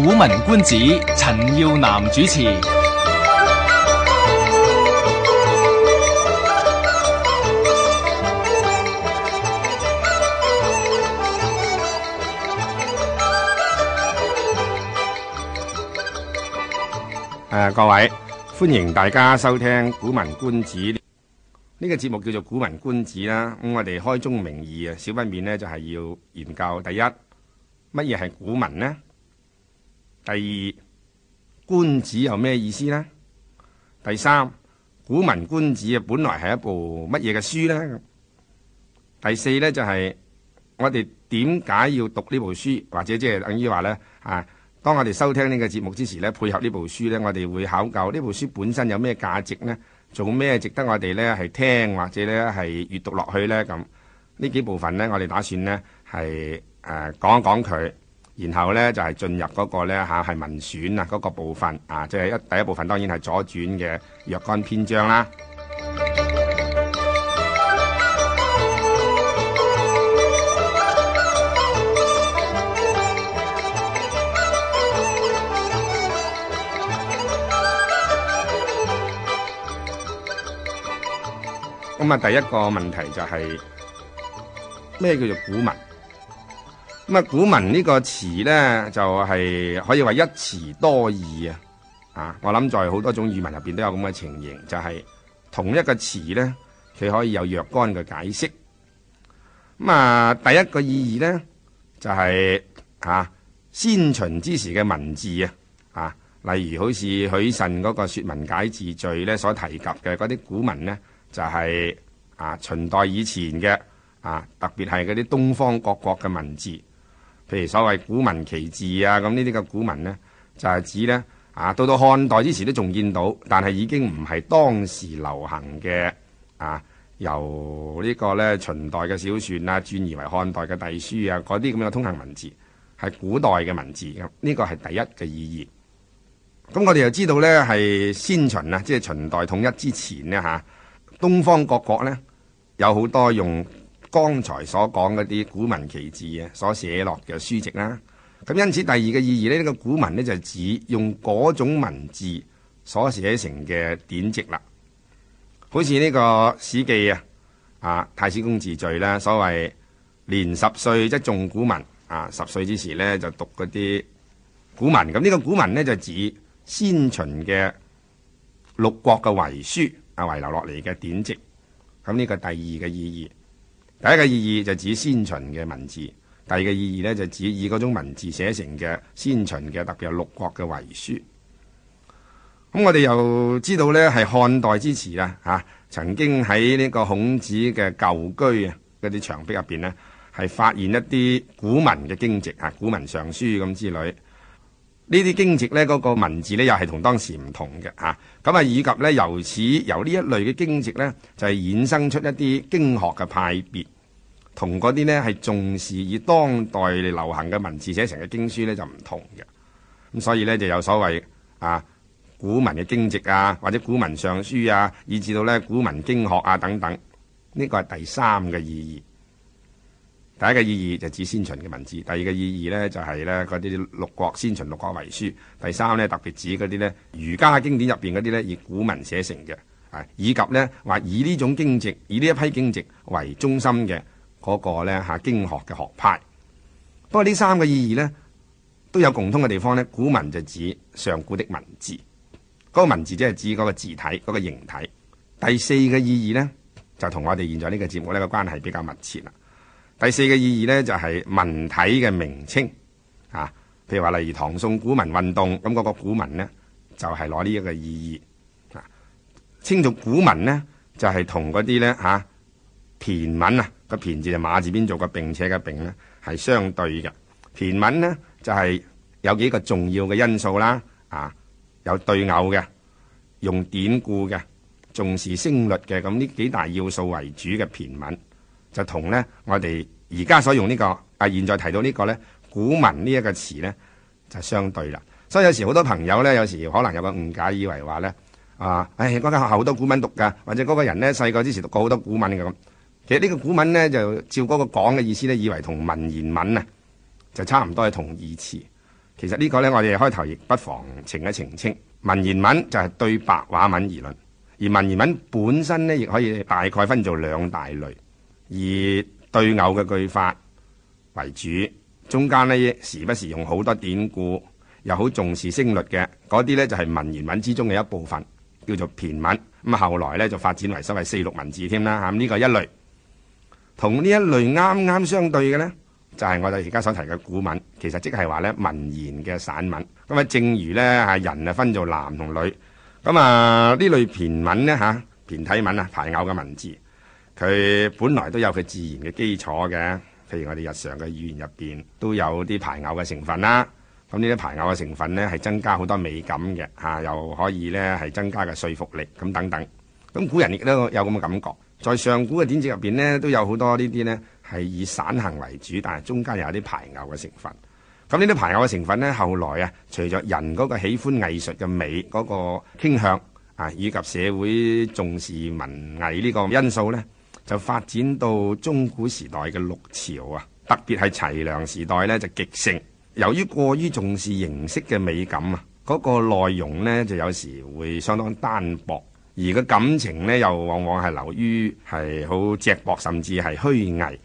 古文觀止，陳耀南主持。誒、啊，各位歡迎大家收聽《古文觀止》呢、這個節目，叫做《古文觀止》啦。咁我哋開宗明義啊，少不免呢，就係要研究第一，乜嘢係古文呢？第二，觀止有咩意思呢？第三，《古文觀止》啊，本來係一部乜嘢嘅書呢？第四呢，就係、是、我哋點解要讀呢部書，或者即係等於話呢，啊？當我哋收聽呢個節目之時呢，配合呢部書呢，我哋會考究呢部書本身有咩價值呢，做咩值得我哋呢係聽或者呢係閱讀落去呢，咁呢幾部分呢，我哋打算呢係誒講一講佢。然後咧就係、是、進入嗰、那個咧嚇係文選啊嗰個部分啊，即係一第一部分當然係左傳嘅若干篇章啦。咁啊，第一個問題就係、是、咩叫做古文？咁啊，古文呢個詞呢，就係可以話一詞多義啊！啊，我諗在好多種語文入邊都有咁嘅情形，就係同一個詞呢，佢可以有若干嘅解釋。咁啊，第一個意義呢，就係啊，先秦之時嘅文字啊，啊，例如好似許慎嗰個《說文解字序》咧所提及嘅嗰啲古文呢，就係啊秦代以前嘅啊，特別係嗰啲東方各國嘅文字。譬如所謂古文奇字啊，咁呢啲嘅古文呢，就係指呢，啊，到到漢代之前都仲見到，但係已經唔係當時流行嘅啊，由呢個呢秦代嘅小篆啊轉移為漢代嘅隸書啊，嗰啲咁樣嘅通行文字，係古代嘅文字。咁，呢個係第一嘅意義。咁我哋又知道呢，係先秦啊，即係秦代統一之前呢，嚇，東方各國呢，有好多用。剛才所講嗰啲古文奇字啊，所寫落嘅書籍啦，咁因此第二個意義呢，呢、這個古文呢，就指用嗰種文字所寫成嘅典籍啦，好似呢個《史記》啊，啊《太史公自序》啦，所謂年十歲即誦古文啊，十歲之時呢，就讀嗰啲古文，咁、這、呢個古文呢，就指先秦嘅六國嘅遺書啊，遺留落嚟嘅典籍，咁、這、呢個第二個意義。第一個意義就指先秦嘅文字，第二個意義呢，就指以嗰種文字寫成嘅先秦嘅，特別係六國嘅遺書。咁我哋又知道呢係漢代之時啊，嚇曾經喺呢個孔子嘅舊居啊，嗰啲牆壁入邊呢，係發現一啲古文嘅經籍啊，古文尚書咁之類。呢啲經籍呢，嗰個文字呢，又係同當時唔同嘅嚇。咁啊，以及呢，由此由呢一類嘅經籍呢，就係衍生出一啲經學嘅派別，同嗰啲呢，係重視以當代流行嘅文字寫成嘅經書呢，就唔同嘅。咁所以呢，就有所謂啊古文嘅經籍啊，或者古文尚書啊，以至到呢古文經學啊等等，呢個係第三嘅意義。第一個意義就指先秦嘅文字，第二個意義呢，就係呢嗰啲六國先秦六國遺書，第三呢，特別指嗰啲呢儒家經典入邊嗰啲呢，以古文寫成嘅，啊以及呢，話以呢種經籍，以呢一批經籍為中心嘅嗰個呢，嚇經學嘅學派。不過呢三個意義呢，都有共通嘅地方呢，古文就指上古的文字，嗰、那個文字即係指嗰個字體嗰、那個形體。第四個意義呢，就同我哋現在呢個節目呢個關係比較密切啦。第四個意義呢，就係文體嘅名稱啊，譬如話例如唐宋古文運動，咁嗰個古文呢就係攞呢一個意義啊。稱做古文呢，就係同嗰啲呢嚇，駢文啊個駢字就馬字邊做個並且嘅並呢係相對嘅。駢文呢就係有幾個重要嘅因素啦，啊有對偶嘅，用典故嘅，重視聲律嘅，咁呢幾大要素為主嘅駢文。就同呢，我哋而家所用呢個啊，現在提到呢個呢，古文呢一個詞呢，就相對啦。所以有時好多朋友呢，有時可能有個誤解，以為話呢，啊，唉、哎，嗰間學校好多古文讀噶，或者嗰個人呢細個之前讀過好多古文嘅咁。其實呢個古文呢，就照嗰個講嘅意思呢，以為同文言文啊就差唔多係同義詞。其實呢個呢，我哋開頭亦不妨澄一澄清，文言文就係對白話文而論，而文言文本身呢，亦可以大概分做兩大類。以對偶嘅句法為主，中間呢時不時用好多典故，又好重視聲律嘅，嗰啲呢，就係文言文之中嘅一部分，叫做駢文。咁啊，後來呢就發展為所謂四六文字添啦。嚇，呢個一類，同呢一類啱啱相對嘅呢，就係、是、我哋而家所提嘅古文，其實即係話呢，文言嘅散文。咁啊，正如呢，嚇人啊分做男同女，咁啊呢類駢文呢，嚇駢體文啊排偶嘅文字。佢本來都有佢自然嘅基礎嘅，譬如我哋日常嘅語言入邊都有啲排偶嘅成分啦。咁呢啲排偶嘅成分呢，係增加好多美感嘅，嚇、啊、又可以呢係增加嘅說服力咁等等。咁古人亦都有咁嘅感覺，在上古嘅典籍入邊呢，都有好多這些呢啲呢係以散行為主，但係中間又有啲排偶嘅成分。咁呢啲排偶嘅成分呢，後來啊，除咗人嗰個喜歡藝術嘅美嗰個傾向啊，以及社會重視文藝呢個因素呢。就發展到中古時代嘅六朝啊，特別係齊梁時代呢，就極盛。由於過於重視形式嘅美感啊，嗰個內容呢就有時會相當單薄，而個感情呢又往往係流於係好瘠薄，甚至係虛偽。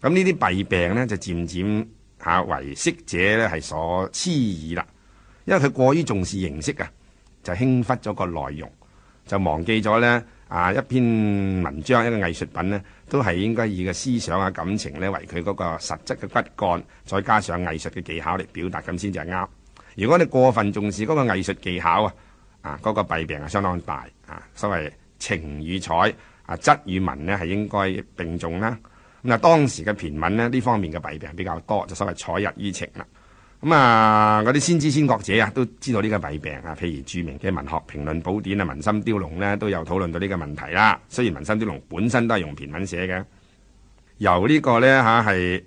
咁呢啲弊病呢，就漸漸嚇為識者呢係所嗤議啦，因為佢過於重視形式啊，就輕忽咗個內容，就忘記咗呢。啊！一篇文章、一個藝術品咧，都係應該以個思想啊、感情咧為佢嗰個實質嘅骨幹，再加上藝術嘅技巧嚟表達，咁先至係啱。如果你過分重視嗰個藝術技巧啊，啊、那、嗰個弊病啊相當大啊。所謂情與彩啊，質與文咧係應該並重啦。咁啊，當時嘅駢文呢，呢方面嘅弊病比較多，就所謂彩溢於情啦。咁、嗯、啊！嗰啲先知先覺者啊，都知道呢個弊病啊。譬如著名嘅文學評論寶典啊，《文心雕龍》咧，都有討論到呢個問題啦。雖然《文心雕龍》本身都係用駢文寫嘅，由呢個呢，嚇係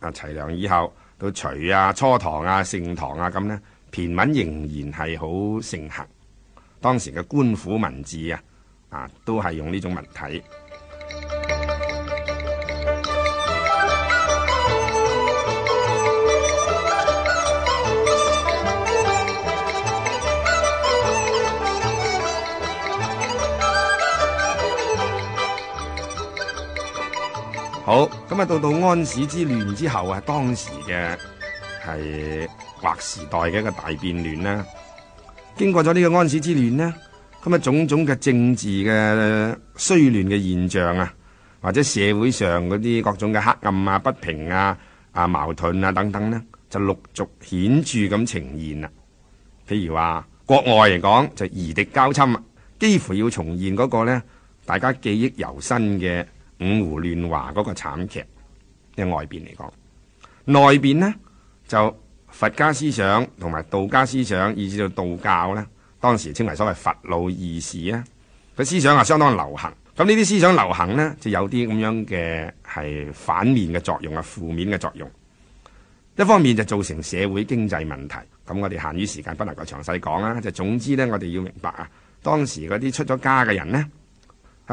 啊齊良齊梁以後到隋啊、初唐啊、盛唐啊咁呢，駢文仍然係好盛行。當時嘅官府文字啊，啊都係用呢種文體。好咁啊！到到安史之亂之後啊，當時嘅係劃時代嘅一個大變亂啦。經過咗呢個安史之亂咧，咁啊種種嘅政治嘅衰亂嘅現象啊，或者社會上嗰啲各種嘅黑暗啊、不平啊、啊矛盾啊等等咧，就陸續顯著咁呈現啦。譬如話國外嚟講，就夷狄交侵，幾乎要重現嗰個咧，大家記憶猶新嘅。五胡亂華嗰個慘劇，喺外邊嚟講；內邊呢，就佛家思想同埋道家思想，以至到道教呢，當時稱為所謂佛老二氏。呢個思想啊相當流行，咁呢啲思想流行呢，就有啲咁樣嘅係反面嘅作用啊，負面嘅作用。一方面就造成社會經濟問題，咁我哋限於時間不能夠詳細講啦。就總之呢，我哋要明白啊，當時嗰啲出咗家嘅人呢。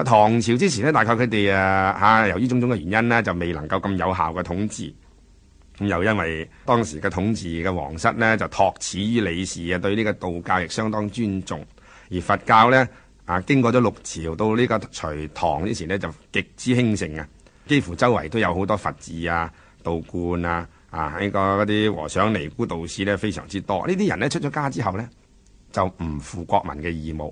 唐朝之前呢，大概佢哋啊，吓，由於種種嘅原因呢，就未能夠咁有效嘅統治。咁又因為當時嘅統治嘅皇室呢，就託始於李氏啊，對呢個道教亦相當尊重。而佛教呢，啊，經過咗六朝到呢個隋唐之前呢，就極之興盛啊！幾乎周圍都有好多佛寺啊、道觀啊啊，呢個嗰啲和尚、尼姑、道士呢，非常之多。呢啲人呢，出咗家之後呢，就唔負國民嘅義務。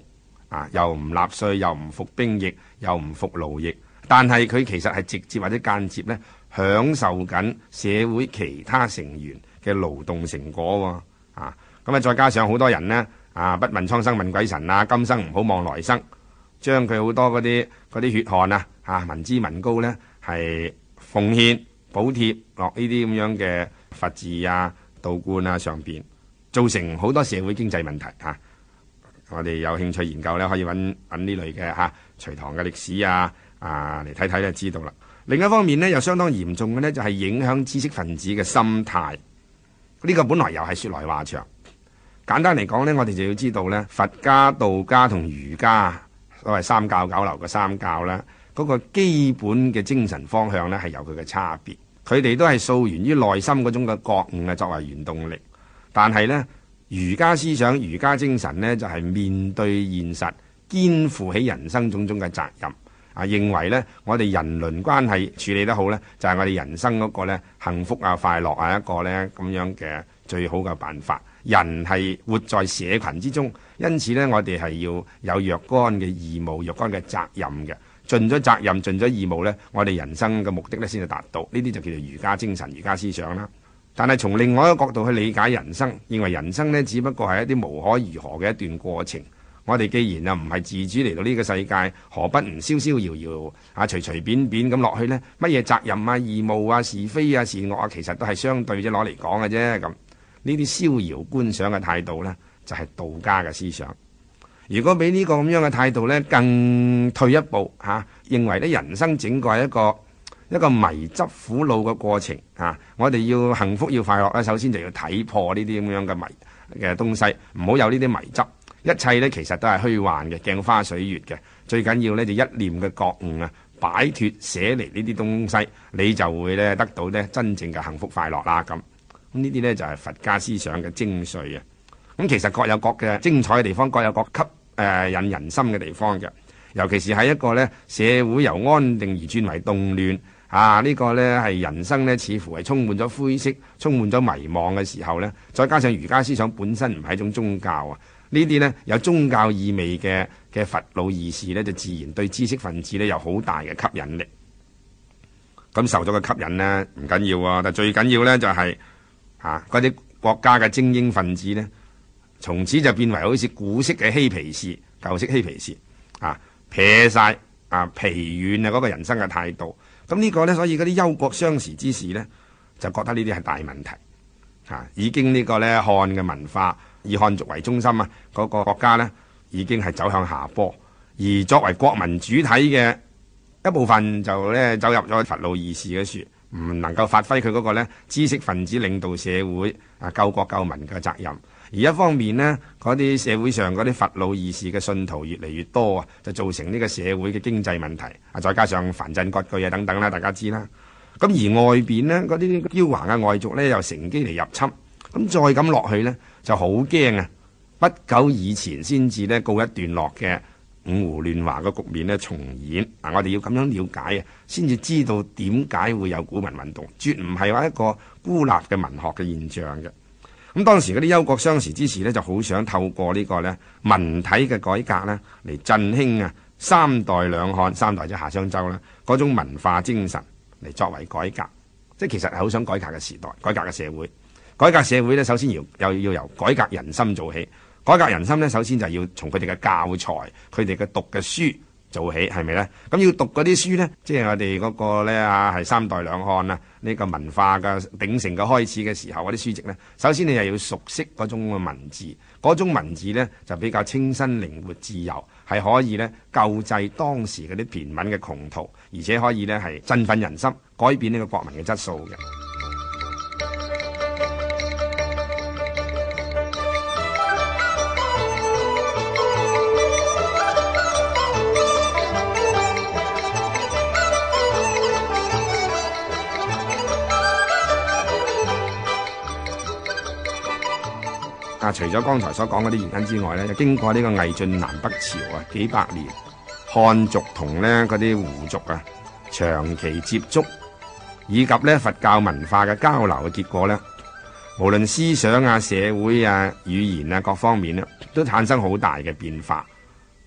啊！又唔納稅，又唔服兵役，又唔服勞役，但係佢其實係直接或者間接呢享受緊社會其他成員嘅勞動成果喎、哦。啊！咁啊，再加上好多人呢，啊，不問蒼生問鬼神啊，今生唔好望來生，將佢好多嗰啲嗰啲血汗啊、文、啊、民脂民膏係奉獻補貼落呢啲咁樣嘅佛寺啊、道觀啊上面，造成好多社會經濟問題、啊我哋有興趣研究呢，可以揾呢類嘅嚇隋唐嘅歷史啊、啊嚟睇睇就知道啦。另一方面呢，又相當嚴重嘅呢，就係、是、影響知識分子嘅心態。呢、這個本來又係說來話長，簡單嚟講呢，我哋就要知道呢，佛家、道家同儒家所謂三教九流嘅三教啦，嗰、那個基本嘅精神方向呢，係有佢嘅差別。佢哋都係溯源於內心嗰種嘅覺悟啊，作為原動力，但係呢。儒家思想、儒家精神呢，就係面對現實，肩負起人生種種嘅責任。啊，認為呢，我哋人倫關係處理得好呢，就係我哋人生嗰個呢幸福啊、快樂啊一個呢咁樣嘅最好嘅辦法。人係活在社群之中，因此呢，我哋係要有若干嘅義務、若干嘅責任嘅。盡咗責任、盡咗義務呢，我哋人生嘅目的呢，先至達到。呢啲就叫做儒家精神、儒家思想啦。但係從另外一個角度去理解人生，認為人生呢只不過係一啲無可如何嘅一段過程。我哋既然啊唔係自主嚟到呢個世界，何不唔逍逍遙遙啊隨隨便便咁落去呢？乜嘢責任啊、義務啊、是非啊、善惡啊，其實都係相對啫攞嚟講嘅啫。咁呢啲逍遙觀賞嘅態度呢，就係道家嘅思想。如果俾呢個咁樣嘅態度呢，更退一步吓，認為呢人生整個係一個一個迷執苦惱嘅過程啊！我哋要幸福要快樂咧，首先就要睇破呢啲咁樣嘅迷嘅東西，唔好有呢啲迷執。一切呢，其實都係虛幻嘅鏡花水月嘅。最緊要呢，就是、一念嘅覺悟啊，擺脫捨離呢啲東西，你就會咧得到咧真正嘅幸福快樂啦。咁呢啲呢，就係、是、佛家思想嘅精髓啊！咁其實各有各嘅精彩嘅地方，各有各吸、呃、引人心嘅地方嘅。尤其是喺一個呢社會由安定而轉為動亂。啊！呢、呢個呢係人生呢，似乎係充滿咗灰色，充滿咗迷茫嘅時候呢，再加上儒家思想本身唔係一種宗教啊，呢啲呢啲呢有宗教意味嘅嘅佛老意思呢，就自然對知識分子呢有好大嘅吸引力。咁受咗個吸引咧，唔緊要啊。但最緊要呢就係、係、啊，嗰啲國家嘅精英分子呢，從此就變為好似古式嘅嬉皮士、舊式嬉皮士啊，撇晒啊疲軟啊嗰個人生嘅態度。咁呢個呢，所以嗰啲憂國相時之事憂國傷時之士呢，就覺得呢啲係大問題，已、啊、經呢個呢漢嘅文化以漢族為中心啊，嗰、那個國家呢已經係走向下坡，而作為國民主體嘅一部分就呢走入咗佛老二氏嘅說。唔能夠發揮佢嗰個知識分子領導社會啊，救國救民嘅責任，而一方面呢嗰啲社會上嗰啲佛老異士嘅信徒越嚟越多啊，就造成呢個社會嘅經濟問題啊，再加上藩鎮割據啊等等啦，大家知啦。咁而外面呢嗰啲驕橫嘅外族呢，又乘機嚟入侵，咁再咁落去呢，就好驚啊！不久以前先至呢告一段落嘅。五胡亂華嘅局面重演，我哋要咁樣了解啊，先至知道點解會有古文運動，絕唔係話一個孤立嘅文學嘅現象嘅。咁當時嗰啲憂國傷時之士呢，就好想透過呢個呢文體嘅改革呢嚟振興啊，三代兩漢，三代即係夏商周啦，嗰種文化精神嚟作為改革，即其實係好想改革嘅時代，改革嘅社會，改革社會呢，首先要又要由改革人心做起。改革人心呢，首先就要從佢哋嘅教材，佢哋嘅讀嘅書做起，係咪呢？咁要讀嗰啲書呢，即係我哋嗰個咧啊，係三代兩漢啊呢個文化嘅鼎盛嘅開始嘅時候嗰啲書籍呢，首先你又要熟悉嗰種嘅文字，嗰種文字呢，就比較清新，靈活、自由，係可以呢救濟當時嗰啲平民嘅窮途，而且可以呢，係振奮人心，改變呢個國民嘅質素嘅。啊！除咗剛才所講嗰啲原因之外咧，經過呢個魏晉南北朝啊，幾百年漢族同咧啲胡族啊，長期接觸，以及咧佛教文化嘅交流嘅結果咧，無論思想啊、社會啊、語言啊各方面啊都產生好大嘅變化。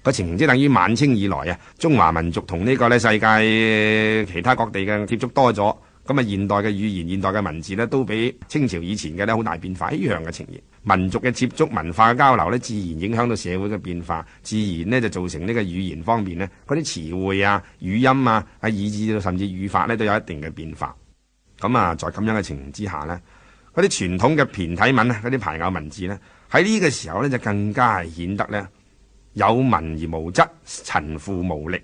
個情形即係等於晚清以來啊，中華民族同呢個咧世界其他各地嘅接觸多咗。咁啊，現代嘅語言、現代嘅文字呢都比清朝以前嘅呢好大變化。呢樣嘅情形，民族嘅接觸、文化嘅交流呢自然影響到社會嘅變化，自然呢就造成呢個語言方面呢嗰啲詞彙啊、語音啊，啊以至甚至語法呢都有一定嘅變化。咁啊，在咁樣嘅情形之下呢嗰啲傳統嘅駢體文啊，嗰啲排偶文字呢，喺呢個時候呢，就更加係顯得呢有文而無質，陳腐無力。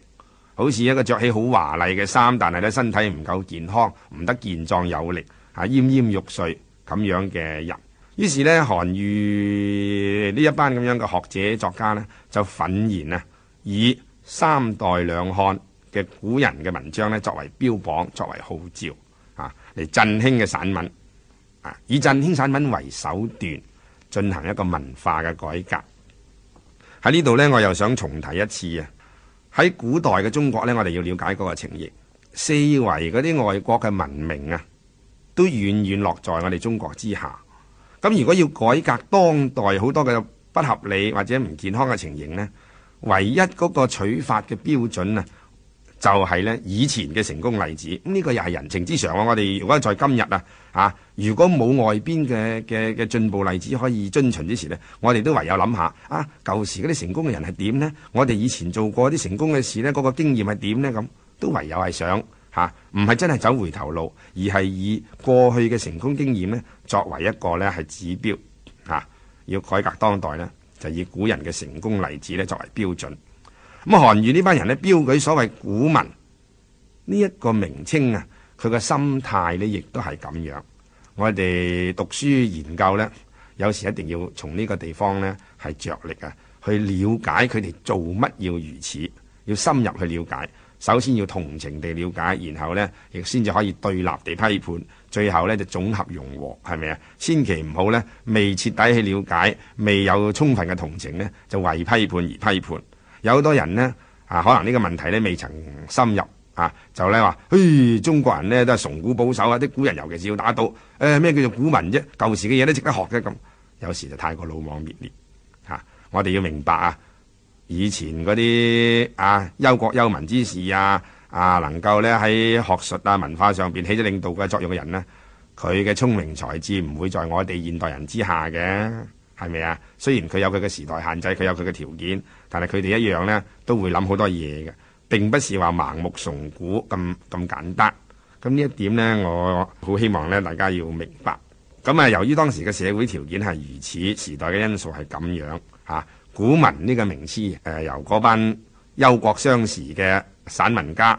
好似一個着起好華麗嘅衫，但係咧身體唔夠健康，唔得健壯有力，啊奄奄欲睡咁樣嘅人。於是呢，韓愈呢一班咁樣嘅學者作家呢，就憤然啊，以三代兩漢嘅古人嘅文章呢作為標榜，作為號召啊，嚟振興嘅散文啊，以振興散文為手段，進行一個文化嘅改革。喺呢度呢，我又想重提一次啊。喺古代嘅中國呢，我哋要了解嗰個情形。四圍嗰啲外國嘅文明啊，都遠遠落在我哋中國之下。咁如果要改革當代好多嘅不合理或者唔健康嘅情形呢，唯一嗰個取法嘅標準啊，就係咧以前嘅成功例子，呢個又係人情之常。我哋如果在今日啊，啊，如果冇外邊嘅嘅嘅進步例子可以遵循之時呢，我哋都唯有諗下啊，舊時嗰啲成功嘅人係點呢？我哋以前做過一啲成功嘅事呢，嗰個經驗係點咧？咁都唯有係想嚇，唔係真係走回頭路，而係以過去嘅成功經驗咧作為一個咧係指標嚇，要改革當代呢，就以古人嘅成功例子咧作為標準。咁韓愈呢班人呢，標舉所謂古文呢一個名稱啊，佢個心態呢亦都係咁樣。我哋讀書研究呢，有時一定要從呢個地方呢，係着力啊，去了解佢哋做乜要如此，要深入去了解。首先要同情地了解，然後呢，亦先至可以對立地批判，最後呢，就總合融合，係咪啊？千祈唔好呢，未徹底去了解，未有充分嘅同情呢，就為批判而批判。有好多人呢，啊，可能呢個問題呢未曾深入啊，就咧話：嘿，中國人呢都係崇古保守啊！啲古人尤其是要打倒……哎」誒咩叫做古文啫？舊時嘅嘢都值得學嘅。咁。有時就太過魯莽滅裂嚇、啊。我哋要明白啊，以前嗰啲啊憂國憂民之事啊啊，能夠咧喺學術啊文化上面起咗領導嘅作用嘅人呢，佢嘅聰明才智唔會在我哋現代人之下嘅。係咪啊？雖然佢有佢嘅時代限制，佢有佢嘅條件，但係佢哋一樣呢都會諗好多嘢嘅。並不是話盲目崇古咁咁簡單。咁呢一點呢，我好希望呢大家要明白。咁啊，由於當時嘅社會條件係如此，時代嘅因素係咁樣嚇，古文呢個名詞誒，由嗰班憂國傷時嘅散文家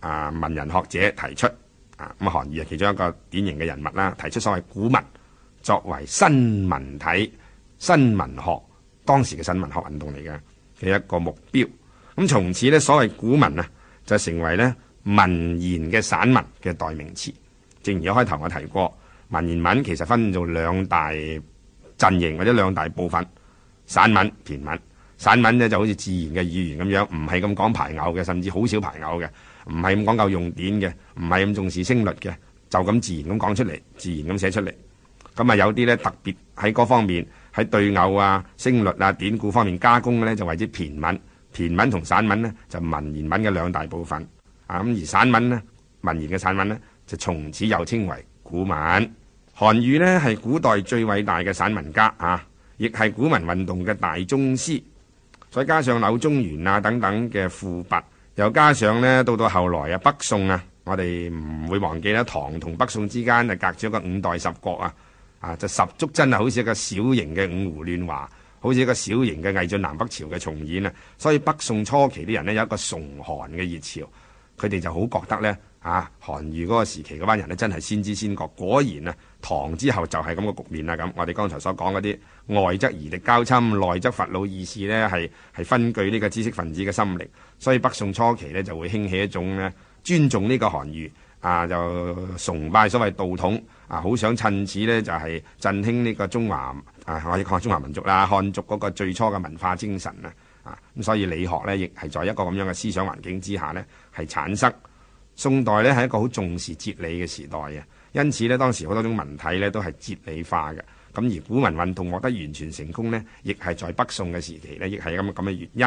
啊文人學者提出啊。咁韓愈係其中一個典型嘅人物啦，提出所謂古文作為新文體。新文學，當時嘅新文學運動嚟嘅嘅一個目標。咁從此呢，所謂古文啊，就成為呢文言嘅散文嘅代名詞。正如一開頭我提過，文言文其實分做兩大陣型或者兩大部分：散文、駢文。散文呢就好似自然嘅語言咁樣，唔係咁講排偶嘅，甚至好少排偶嘅，唔係咁講究用典嘅，唔係咁重視聲律嘅，就咁自然咁講出嚟，自然咁寫出嚟。咁啊，有啲呢特別喺嗰方面。喺對偶啊、聲律啊、典故方面加工嘅咧，就為之駢文。駢文同散文咧，就文言文嘅兩大部分。啊，咁而散文咧，文言嘅散文咧，就從此又稱為古文。韓愈咧係古代最偉大嘅散文家啊，亦係古文運動嘅大宗師。再加上柳宗元啊等等嘅輔弼，又加上咧到到後來啊北宋啊，我哋唔會忘記咧唐同北宋之間啊隔咗一個五代十國啊。啊！就十足真係好似一個小型嘅五胡亂華，好似一個小型嘅魏晉南北朝嘅重演啊！所以北宋初期啲人呢，有一個崇韓嘅熱潮，佢哋就好覺得呢啊韓愈嗰個時期嗰班人呢，真係先知先覺，果然啊唐之後就係咁個局面啦咁。我哋剛才所講嗰啲外則夷狄交侵，內則佛老意視呢，係係分據呢個知識分子嘅心力，所以北宋初期呢，就會興起一種呢尊重呢個韓愈啊，就崇拜所謂道統。啊，好想趁此呢，就係、是、振興呢個中華啊！我哋講下中華民族啦，漢族嗰個最初嘅文化精神啊，啊咁所以理學呢，亦係在一個咁樣嘅思想環境之下呢，係產生宋代呢，係一個好重視哲理嘅時代、啊、因此呢，當時好多種文體呢，都係哲理化嘅，咁而古文運動獲得完全成功呢，亦係在北宋嘅時期呢，亦係咁嘅咁嘅原因。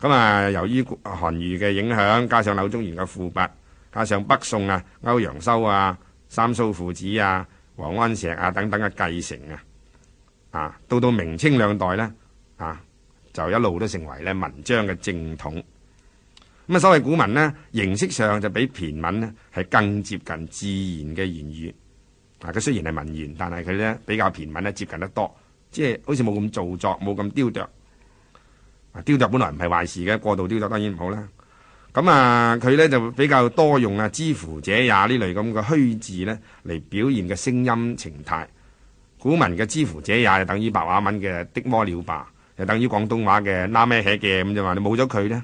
咁啊，由於韓愈嘅影響，加上柳宗元嘅賦筆，加上北宋啊歐陽修啊。三蘇父子啊、王安石啊等等嘅繼承啊，啊到到明清兩代呢，啊就一路都成為咧文章嘅正統。咁啊，所謂古文呢，形式上就比駢文呢係更接近自然嘅言語。嗱、啊，佢雖然係文言，但係佢呢比較駢文咧接近得多，即係好似冇咁做作，冇咁雕琢。啊，雕琢本來唔係壞事嘅，過度雕琢當然唔好啦。咁啊，佢咧就比較多用啊，之乎者也呢類咁嘅虛字咧嚟表現嘅聲音情態。古文嘅之乎者也就等於白話文嘅的麼了吧，就等於廣東話嘅嗱咩寫嘅咁啫嘛。你冇咗佢呢，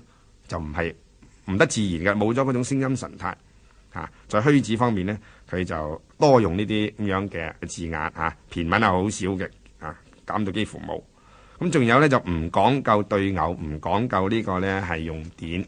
就唔係唔得自然嘅，冇咗嗰種聲音神態。在虛字方面呢，佢就多用呢啲咁樣嘅字眼嚇，駢、啊、文啊好少嘅嚇，減到幾乎冇。咁仲有呢，就唔講究對偶，唔講究呢個呢係用典。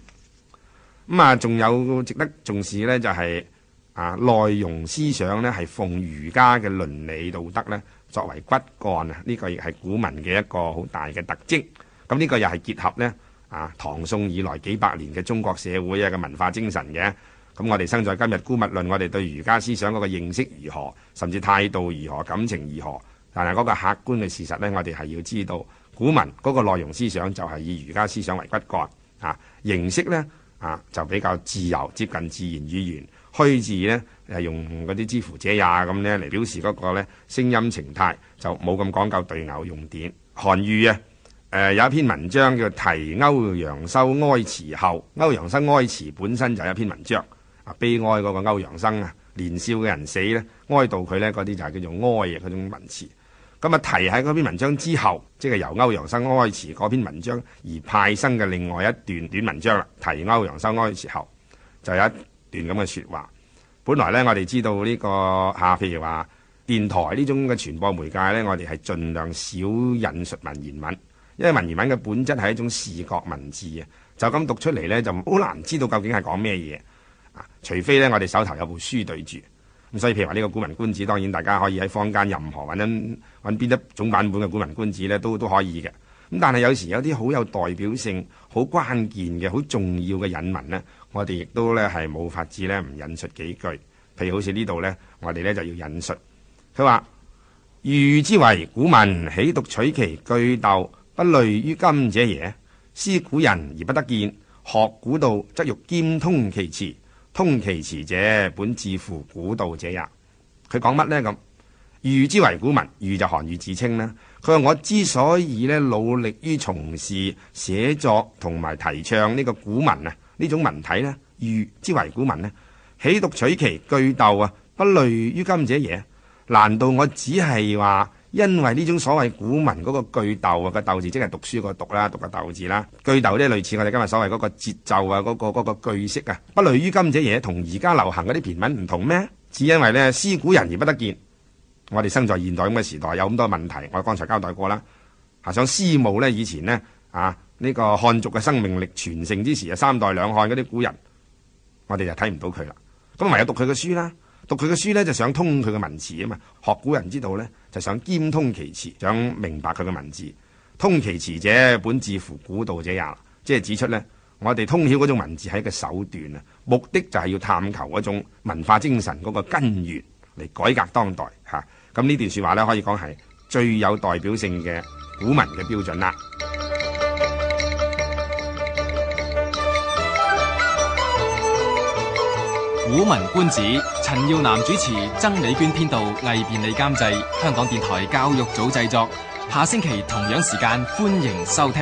咁啊，仲有值得重視咧，就係啊，內容思想咧，係奉儒家嘅倫理道德咧作為骨幹啊。呢個亦係古文嘅一個好大嘅特徵，咁呢個又係結合咧啊唐宋以來幾百年嘅中國社會啊嘅文化精神嘅。咁我哋生在今日孤，姑勿論我哋對儒家思想嗰個認識如何，甚至態度如何、感情如何，但係嗰個客觀嘅事實咧，我哋係要知道古文嗰個內容思想就係以儒家思想為骨幹啊。形式咧。啊，就比較自由，接近自然語言。虛字呢，誒用嗰啲之乎者也咁呢嚟表示嗰個聲聲音情態，就冇咁講究對偶用典。韓愈啊，呃，有一篇文章叫《題歐陽修哀辭後》，歐陽生哀辭本身就係一篇文章，啊悲哀嗰個歐陽生啊，年少嘅人死呢，哀悼佢呢，嗰啲就係叫做哀嘅嗰種文詞。咁啊，提喺嗰篇文章之後，即係由歐陽生開始嗰篇文章而派生嘅另外一段短文章啦。提歐陽生開嘅時候，就有一段咁嘅說話。本來咧，我哋知道呢個吓，譬如話電台呢種嘅傳播媒介咧，我哋係盡量少引述文言文，因為文言文嘅本質係一種視覺文字啊。就咁讀出嚟咧，就好難知道究竟係講咩嘢啊。除非咧，我哋手頭有部書對住。咁所以譬如話呢個古文觀止，當然大家可以喺坊間任何揾緊邊一種版本嘅古文觀止咧，都都可以嘅。咁但係有時有啲好有代表性、好關鍵嘅、好重要嘅引文呢，我哋亦都咧係冇法子呢唔引述幾句。譬如好似呢度呢，我哋呢就要引述。佢話：遇之為古文，豈獨取其句讀不類於今者也。思古人而不得見，學古道則欲兼通其辭。通其辭者，本志乎古道者也。佢講乜呢？咁，譽之為古文，譽就韓愈自稱啦。佢話我之所以咧努力於從事寫作同埋提倡呢個古文啊，呢種文體，咧，譽之為古文咧，豈獨取其句讀啊？不類於今者嘢，難道我只係話？因為呢種所謂古文嗰個句逗個逗字，即係讀書個讀啦，讀個逗字啦，句逗呢係類似我哋今日所謂嗰、嗰個節奏啊，嗰、嗰個句式噶，不類於今者嘢，同而家流行嗰啲片文唔同咩？只因為呢，思古人而不得見。我哋生在現代咁嘅時代，有咁多問題，我剛才交代過啦，係想思慕呢以前呢，啊呢、呢個漢族嘅生命力全盛之時啊，三代兩漢嗰啲古人，我哋就睇唔到佢啦。咁唯有讀佢嘅書啦。讀佢嘅書呢，就想通佢嘅文字啊嘛，學古人之道呢，就想兼通其詞，想明白佢嘅文字。通其詞者，本自乎古道者也。即係指出呢，我哋通曉嗰種文字係一個手段啊，目的就係要探求嗰種文化精神嗰個根源嚟改革當代吓。咁、啊、呢段說話呢，可以講係最有代表性嘅古文嘅標準啦。古文觀止。陳耀南主持，曾美娟編導，魏變禮監製，香港電台教育組製作。下星期同樣時間，歡迎收聽。